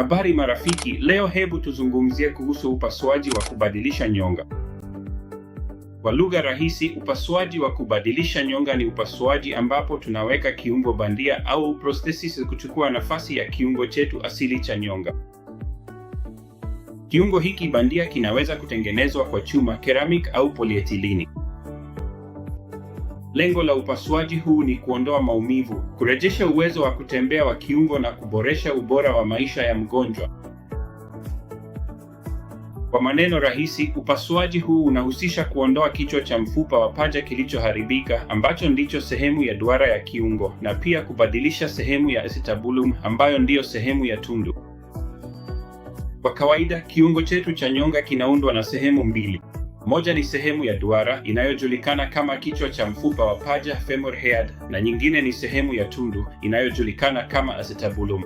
Habari marafiki, leo hebu tuzungumzie kuhusu upasuaji wa kubadilisha nyonga. Kwa lugha rahisi, upasuaji wa kubadilisha nyonga ni upasuaji ambapo tunaweka kiungo bandia au prosthesis kuchukua nafasi ya kiungo chetu asili cha nyonga. Kiungo hiki bandia kinaweza kutengenezwa kwa chuma, keramik au polietilini. Lengo la upasuaji huu ni kuondoa maumivu, kurejesha uwezo wa kutembea wa kiungo na kuboresha ubora wa maisha ya mgonjwa. Kwa maneno rahisi, upasuaji huu unahusisha kuondoa kichwa cha mfupa wa paja kilichoharibika ambacho ndicho sehemu ya duara ya kiungo na pia kubadilisha sehemu ya acetabulum ambayo ndiyo sehemu ya tundu. Kwa kawaida, kiungo chetu cha nyonga kinaundwa na sehemu mbili. Moja ni sehemu ya duara inayojulikana kama kichwa cha mfupa wa paja femur head, na nyingine ni sehemu ya tundu inayojulikana kama acetabulum.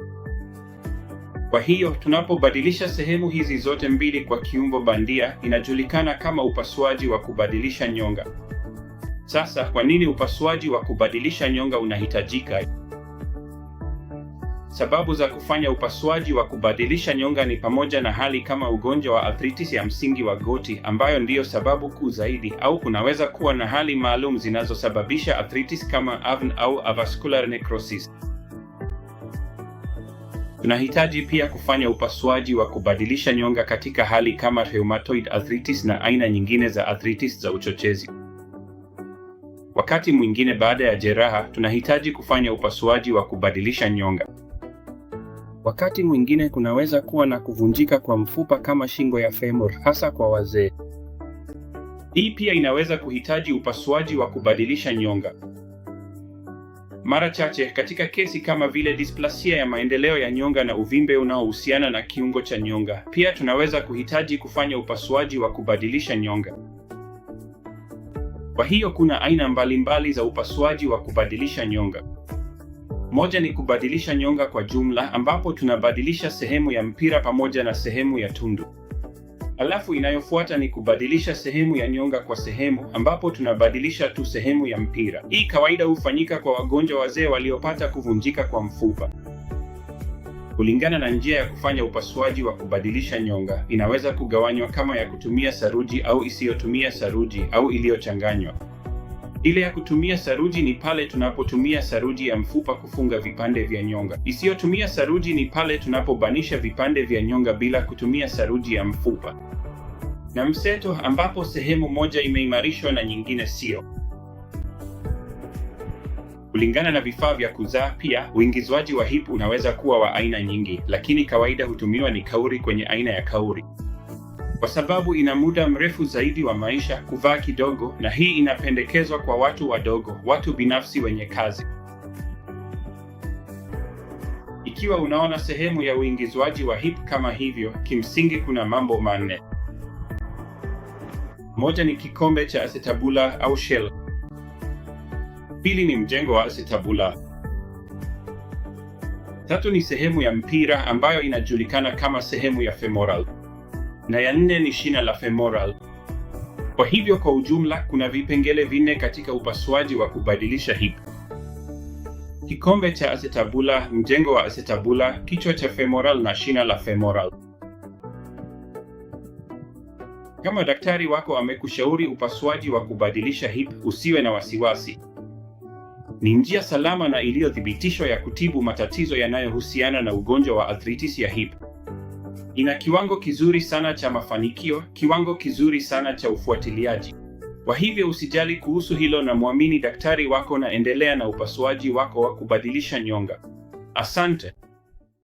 Kwa hiyo tunapobadilisha sehemu hizi zote mbili kwa kiumbo bandia inajulikana kama upasuaji wa kubadilisha nyonga. Sasa, kwa nini upasuaji wa kubadilisha nyonga unahitajika? Sababu za kufanya upasuaji wa kubadilisha nyonga ni pamoja na hali kama ugonjwa wa arthritis ya msingi wa goti ambayo ndiyo sababu kuu zaidi, au kunaweza kuwa na hali maalum zinazosababisha arthritis kama AVN au avascular necrosis. Tunahitaji pia kufanya upasuaji wa kubadilisha nyonga katika hali kama rheumatoid arthritis na aina nyingine za arthritis za uchochezi. Wakati mwingine baada ya jeraha, tunahitaji kufanya upasuaji wa kubadilisha nyonga. Wakati mwingine kunaweza kuwa na kuvunjika kwa mfupa kama shingo ya femur, hasa kwa wazee. Hii pia inaweza kuhitaji upasuaji wa kubadilisha nyonga. Mara chache katika kesi kama vile displasia ya maendeleo ya nyonga na uvimbe unaohusiana na kiungo cha nyonga, pia tunaweza kuhitaji kufanya upasuaji wa kubadilisha nyonga. Kwa hiyo kuna aina mbalimbali za upasuaji wa kubadilisha nyonga. Moja ni kubadilisha nyonga kwa jumla, ambapo tunabadilisha sehemu ya mpira pamoja na sehemu ya tundu. Alafu inayofuata ni kubadilisha sehemu ya nyonga kwa sehemu, ambapo tunabadilisha tu sehemu ya mpira. Hii kawaida hufanyika kwa wagonjwa wazee waliopata kuvunjika kwa mfupa. Kulingana na njia ya kufanya upasuaji wa kubadilisha nyonga, inaweza kugawanywa kama ya kutumia saruji au isiyotumia saruji au iliyochanganywa. Ile ya kutumia saruji ni pale tunapotumia saruji ya mfupa kufunga vipande vya nyonga. Isiyotumia saruji ni pale tunapobanisha vipande vya nyonga bila kutumia saruji ya mfupa. Na mseto ambapo sehemu moja imeimarishwa na nyingine sio. Kulingana na vifaa vya kuzaa pia, uingizwaji wa hip unaweza kuwa wa aina nyingi, lakini kawaida hutumiwa ni kauri kwenye aina ya kauri kwa sababu ina muda mrefu zaidi wa maisha kuvaa kidogo, na hii inapendekezwa kwa watu wadogo, watu binafsi wenye kazi. Ikiwa unaona sehemu ya uingizwaji wa hip kama hivyo, kimsingi kuna mambo manne. Moja ni kikombe cha acetabula au shell. Pili ni mjengo wa acetabula. Tatu ni sehemu ya mpira ambayo inajulikana kama sehemu ya femoral na ya nne ni shina la femoral. Kwa hivyo kwa ujumla kuna vipengele vinne katika upasuaji wa kubadilisha hip: kikombe cha acetabula, mjengo wa acetabula, kichwa cha femoral na shina la femoral. Kama daktari wako amekushauri upasuaji wa kubadilisha hip, usiwe na wasiwasi. Ni njia salama na iliyothibitishwa ya kutibu matatizo yanayohusiana na ugonjwa wa arthritis ya hip ina kiwango kizuri sana cha mafanikio, kiwango kizuri sana cha ufuatiliaji. Kwa hivyo usijali kuhusu hilo na mwamini daktari wako na endelea na upasuaji wako wa kubadilisha nyonga. Asante.